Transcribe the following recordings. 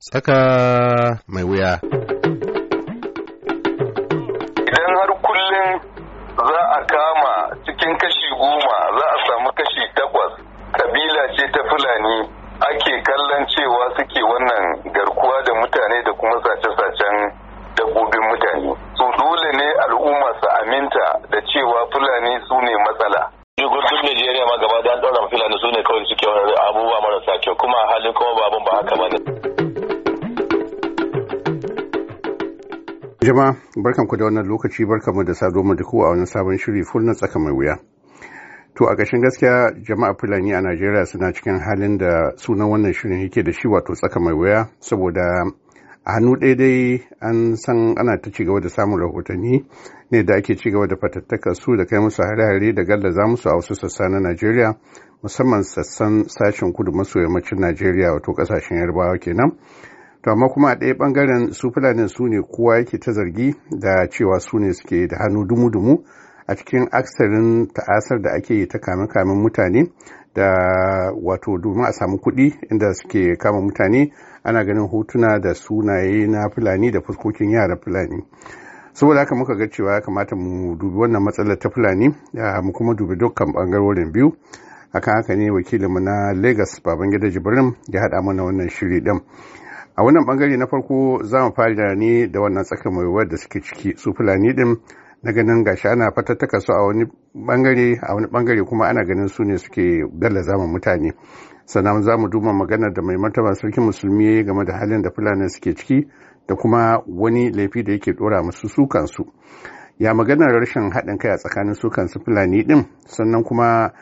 Tsaka mai wuya. Idan har kullum za a kama cikin kashi goma za a samu kashi takwas kabila ce ta Fulani ake kallon cewa suke wannan garkuwa da mutane da kuma sace-sacen dabbobin mutane. Su dole ne al'umma su aminta da cewa Fulani su ne matsala. Gudun Najeriya ma gaba da an Fulani su ne kawai suke abubuwa marasa kyau kuma halin kuma babun ba haka ba ne. jama barkan ku da wannan lokaci barkan mu da sado mu duku a wani sabon shiri full na tsaka mai wuya. To a ƙarshen gaskiya jama'a Fulani a Najeriya suna cikin halin da sunan wannan shirin yake da shi wato tsaka mai wuya saboda a hannu ɗaya dai an san ana ta cigaba da samun rahotanni ne da ake cigaba da fatattakar su da kai musu hare-hare da gallaza musu a wasu sassa na Najeriya musamman sassan sashen kudu maso yammacin Najeriya wato ƙasashen Yarbawa kenan. to amma kuma a ɗaya ɓangaren su fulanin su ne kowa yake ta zargi da cewa su ne suke da hannu dumu-dumu a cikin aksarin ta'asar da ake yi ta kame-kamen mutane da wato domin a samu kuɗi inda suke kama mutane ana ganin hotuna da sunaye na fulani da fuskokin yara fulani saboda haka muka ga cewa ya kamata mu dubi wannan matsalar ta fulani mu kuma dubi dukkan bangarorin biyu akan haka ne wakilinmu na lagos babangida jibrin ya haɗa mana wannan shiri ɗin a wannan bangare na farko za mu fara ne da wannan tsaka mai da suke ciki su fulani din na ganin gashi ana fatattaka su a wani bangare a wani bangare kuma ana ganin su ne suke galla zama mutane sannan za mu duma maganar da mai martaba sarkin musulmi game da halin da fulani suke ciki da kuma wani laifi da yake dora musu su kansu ya maganar rashin haɗin kai a tsakanin su fulani din sannan kuma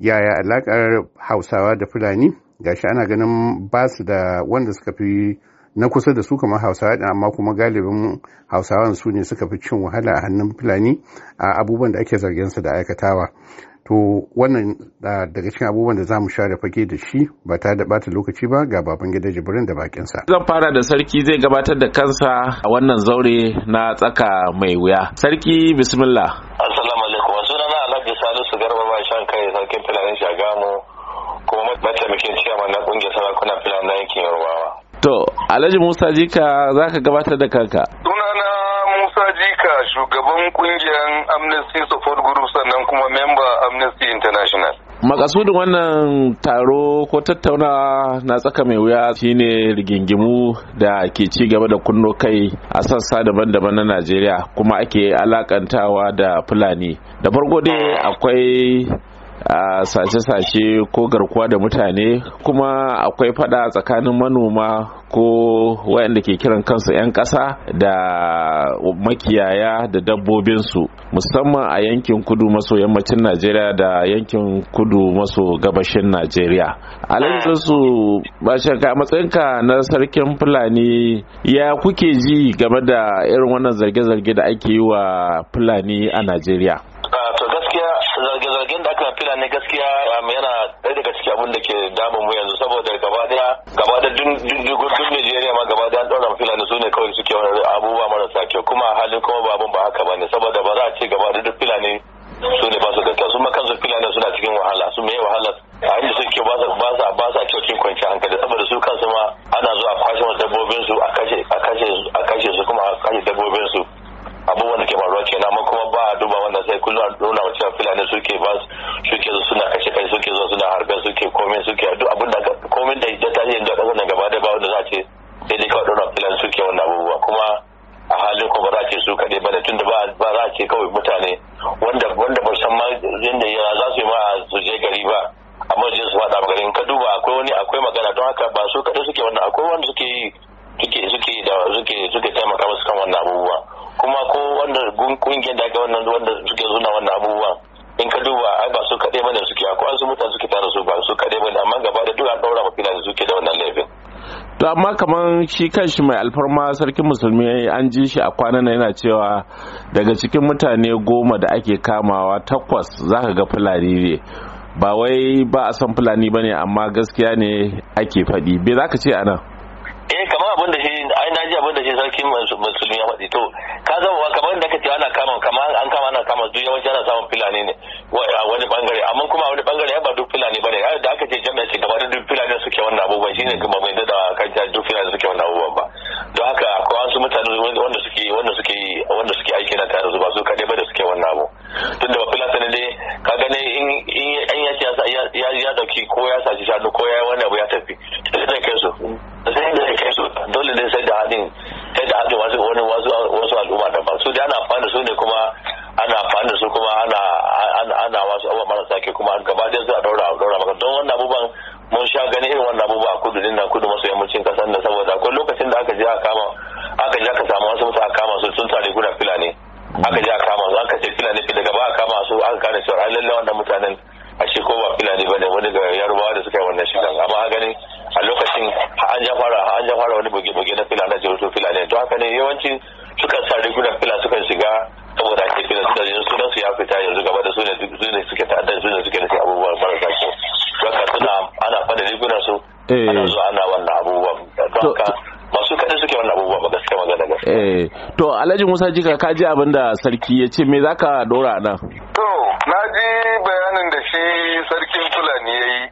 yaya alakar hausawa da fulani gashi ana ganin ba su da wanda suka fi na kusa da su kamar hausawa ɗin amma kuma galibin hausawa su ne suka fi cin wahala a hannun fulani a abubuwan da ake zargin su da aikatawa to wannan daga cikin abubuwan da za mu share fage da shi ba ta da bata lokaci ba ga baban gida jibrin da bakinsa zan fara da sarki zai gabatar da kansa a wannan zaure na tsaka mai wuya sarki bismillah assalamu alaikum sunana alhaji salisu garba ba shan kai sarkin fulani shagamu kuma mataimakin ciyaman na kungiyar sarakunan filan na yankin yarbawa. to alhaji musa jika za ka gabatar da kanka. sunana musa jika shugaban kungiyar amnesty support group sannan kuma member amnesty international. makasudin wannan taro ko tattaunawa na tsaka mai wuya shine rigingimu da ke ci gaba da kunno kai a sassa daban-daban na najeriya kuma ake alakantawa da fulani da farko dai akwai a sace-sace ko garkuwa da mutane kuma akwai fada tsakanin manoma ko waɗanda ke kiran kansu 'yan ƙasa da makiyaya da dabbobinsu musamman a yankin kudu maso yammacin najeriya da yankin kudu maso gabashin najeriya alhajinsu bashanka matsayinka na sarkin fulani ya kuke ji game da irin wannan zarge-zarge da ake yi wa fulani a najeriya fila ne gaskiya um, yana ɗaya daga ciki abin da ke damun mu yanzu saboda gaba daya gaba da duk Najeriya ma gaba daya ɗora fila ne su ne kawai suke abubuwa marasa kyau kuma halin kuma babun ba haka ba ne saboda ba za a ce gaba da duk suke suna kashe kai suke zo suna harbe suke komai suke duk abin da komai da ta tashi yanzu a ƙasar nan gaba da ba wanda za a ce sai dai kawai donald trump suke wannan abubuwa kuma a halin ko ba za a ce su kaɗai ba da tun da ba za a ce kawai mutane wanda wanda ba san ma yadda za su yi ma su je gari ba amma je su faɗa garin ka duba akwai wani akwai magana don haka ba su kaɗai suke wannan akwai wanda suke yi suke suke da suke suke taimaka musu kan wannan abubuwa kuma ko wanda gungun da ga wannan wanda suke zuna wannan abubuwa in ka duba ai ba su kaɗai bane suke akwai an su mutane suke tare su ba su kaɗai bane amma gaba da duk an ɗaura ma filan suke da wannan laifin to amma kaman shi kanshi mai alfarma sarkin musulmi an ji shi a kwanan yana cewa daga cikin mutane goma da ake kamawa takwas za ka ga fulani ne ba wai ba a san fulani ba ne amma gaskiya ne ake faɗi be za ka ce anan eh kamar abin da shi ai na ji abin da shi sarkin musulmi ya faɗi to ka zama kamar da kace ana kama kama an kama ana kama duk yawanci ana samun filani ne a wani bangare amma kuma wani bangare ya ba duk filani bane ai da aka ce jami'a ce gaba da duk fulani suke wannan abubuwan shine kuma bai da kanta duk fulani suke wannan abubuwan ba don haka akwai wasu mutane wanda suke wanda suke ganin irin wannan abubuwa a kudu nan kudu maso yammacin kasar nan saboda akwai lokacin da aka je aka kama aka je aka samu wasu aka kama su sun tare guda filani aka je aka kama su aka ce filani fi daga ba a kama su aka kane su a lalle wannan mutanen a shi ko ba filani bane wani ga yarubawa da suka yi wannan shigan amma a gani a lokacin an ja fara an ja fara wani buge-buge na filani da to filani to haka ne yawanci suka sa rigunan fila suka shiga saboda ake filani sunan su ya fita yanzu gaba da su ne suke ta'addar su ne suke nufi abubuwan marasa kyau daga suna ana fada rigunan su eh. ana zuwa ana wannan abubuwa don haka masu kaɗai suke wannan abubuwa ba gaske magana gaske. Eh. to alhaji musa jika ka ji abin da sarki ya ce me zaka dora nan. to na ji bayanin da shi sarkin fulani ya yi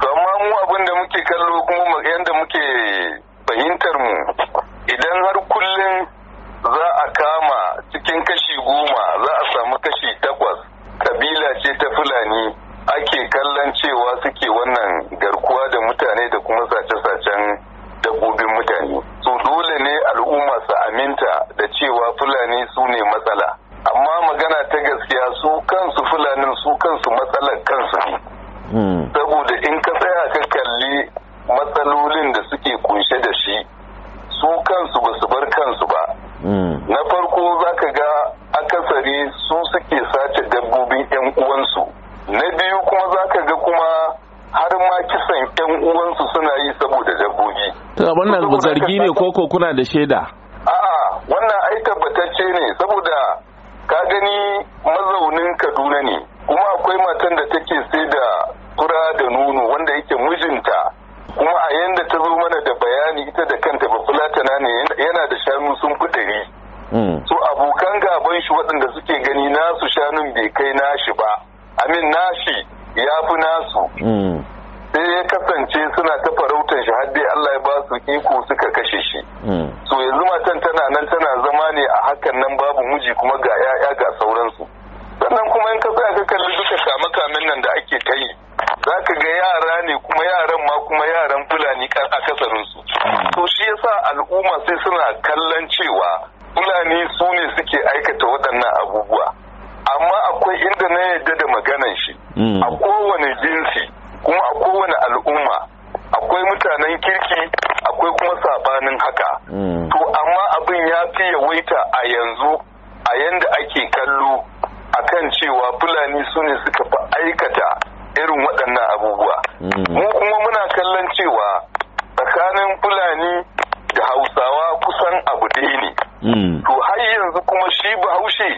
to amma mu abin da muke kallo kuma yadda muke fahimtar mu idan har ake kallon cewa suke wannan garkuwa da mutane da kuma sace-sacen dabbobin mutane su dole ne al'umma su aminta da cewa fulani su ne matsala amma magana ta gaskiya su kansu fulanin su kansu matsalar kansu ne hmm. ko kuna da shaida a'a wannan ai tabbatacce ne saboda ka gani mazaunin kaduna ne kuma akwai matan da take sai da fura da nono wanda yake mijinta kuma a yanda ta zo mana da bayani ita da kanta ba fulatana ne yana da shanu sun fi dari hmm. so abokan gaban shi waɗanda suke gani nasu shanun bai kai nashi ba amin nashi ya fi nasu hmm. sai ya kasance suna ta farautar shi har Allah ya ba su iko suka kashe shi hmm. so yanzu matan tana nan tana zama ne a hakan nan babu miji kuma ga 'ya'ya ga sauransu sannan kuma in ka tsaya ka kalli duka kame kamen nan da ake ta yi za ka ga yara ne kuma yaran ma kuma yaran fulani kan akasarin su hmm. to shi yasa al'umma sai suna kallon cewa fulani su ne suke aikata waɗannan abubuwa amma akwai inda na yadda da maganan shi hmm. a kowane jinsi kuma a kowane al'umma akwai mutanen kirki akwai kuma sabanin haka mm. to amma abin ya fi yawaita a yanzu a yanda ake kallo akan cewa fulani su ne suka fi aikata irin waɗannan abubuwa mm. mu kuma muna kallon cewa tsakanin fulani da hausawa kusan abu ɗaya ne mm. to har yanzu kuma shi bahaushe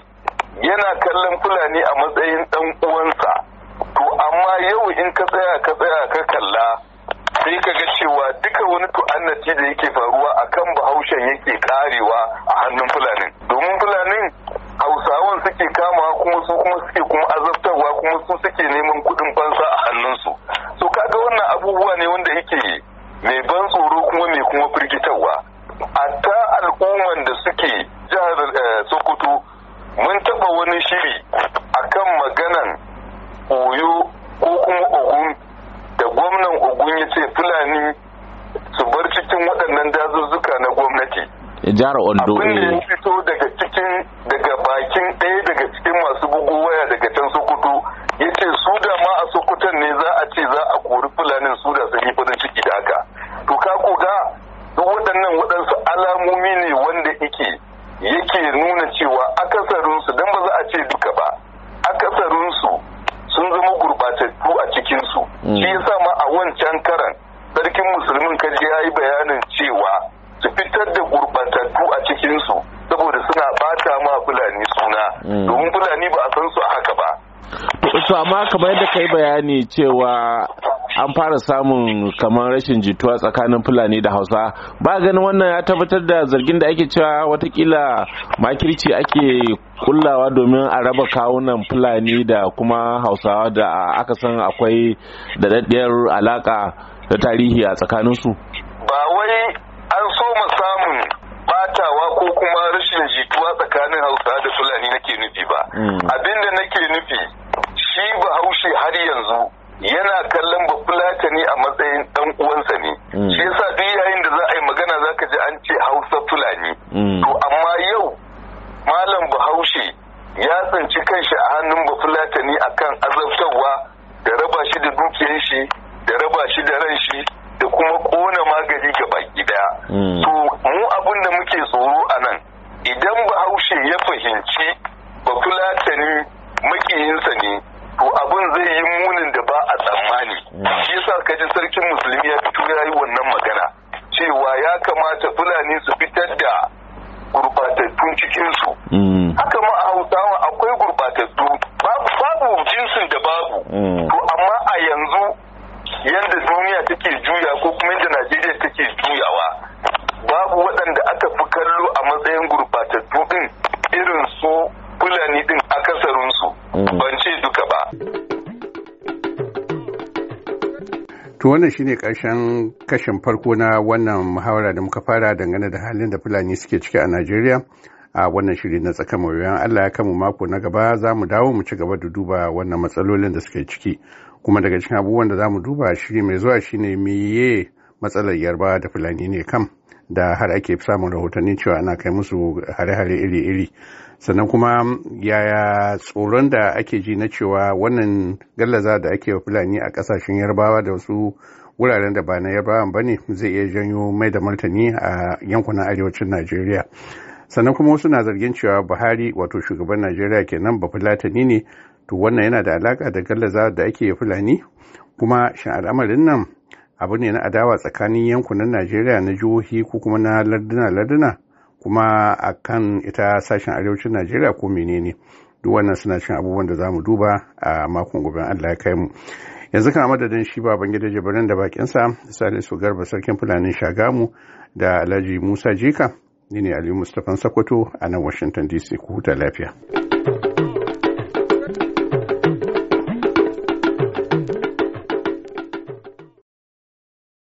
yana kallon fulani a matsayin ɗan uwansa to amma yau in ka tsaya ka tsaya ka kalla sai ka ga cewa duka wani tu'annaci da yake faruwa a kan bahaushen yake karewa a hannun fulanin domin fulanin hausawan suke kama kuma su kuma suke kuma azabtarwa kuma su suke neman kuɗin fansa a hannunsu so kaga wannan abubuwa ne wanda yake mai ban tsoro kuma mai kuma firgitarwa ta al'umman da suke jihar eh, sokoto mun taɓa wani shiri akan maganan koyo ko kuma ogun gwamnan ogun ya ce fulani su bar cikin waɗannan dazuzzuka na gwamnati jihar ondo abin da ya eh. fito daga cikin daga bakin ɗaya daga cikin masu bugu waya daga can sokoto ya ce su da ma a sokoton ne za a ce za a kori fulanin su da sun yi farin ciki da haka to ka koga duk waɗannan waɗansu alamomi ne wanda yake yake nuna cewa akasarinsu don ba za a ce duka shi yasa mm. ma a wancan karan sarkin musulmin kaji ya yi bayanin cewa su fitar da gurbatattu a cikinsu saboda suna bata ma fulani suna mm. domin fulani ba a san su a haka ba su amma kamar yadda ka yi bayani cewa an fara samun kamar rashin jituwa tsakanin fulani da hausa ba ganin wannan ya tabbatar da zargin da ake cewa watakila makirci ake kullawa domin a raba kawunan fulani da kuma hausawa da aka san akwai da alaƙa da tarihi a tsakanin su ba wai an so mu samun batawa ko kuma rashin jituwa tsakanin hausawa da fulani nake nufi ba hmm. abinda nake nufi shi bahaushe har yanzu yana kallon bafulatani a matsayin dan uwansa ne mm. shi yasa duk yayin da za a yi magana zaka ji an ce hausa fulani mm. to amma yau malam bahaushe ya tsinci kanshi a hannun bafulatani akan azabtarwa da raba shi da dukiyar shi da raba shi da ran shi da kuma kona magani ga baki daya mm. to mu abin da muke tsoro a nan idan bahaushe ya fahimci bafulatani makiyinsa ne abin zai yi munin da ba a tsammani shi yasa kaji sarkin musulmi ya fito ya yi wannan magana cewa ya kamata fulani su fitar da gurbatattun cikinsu mm. haka ma a hausawa akwai gurbatattu babu jinsin da babu mm. to amma a yanzu yadda duniya take juya ko kuma yadda najeriya take juyawa babu waɗanda aka fi kallo a matsayin gurbatattu To wannan shine ƙarshen kashin farko na wannan muhawara da muka fara dangane da halin da Fulani suke ciki a Najeriya. A wannan shiri na tsakan mawuyan Allah ya kama mako na gaba za mu dawo mu ci gaba da duba wannan matsalolin da suke ciki. Kuma daga cikin abubuwan da za mu duba shiri mai zuwa shine meye matsalar yarba da Fulani ne kam da har ake samun rahotanni cewa ana kai musu hare-hare iri-iri. sannan kuma yaya tsoron da ake ji na cewa wannan gallaza da ake wa fulani a kasashen yarbawa da wasu wuraren da ba na yarbawa ba ne zai iya janyo mai da martani a yankunan arewacin najeriya sannan kuma wasu na zargin cewa buhari wato shugaban najeriya kenan ba fulatani ne to wannan yana da alaka da gallaza da ake fulani kuma shin al'amarin nan abu ne na adawa tsakanin yankunan najeriya na jihohi ko kuma na larduna larduna kuma a kan ita sashen arewacin najeriya ko menene duk wannan suna cin abubuwan da za mu duba a makon gobe allah ya kai mu yanzu kan madadin shi baban gida jibirin da bakinsa salisu garba sarkin fulanin shagamu da alhaji musa jika ni ne ali mustapha sakwato a nan washington dc ku huta lafiya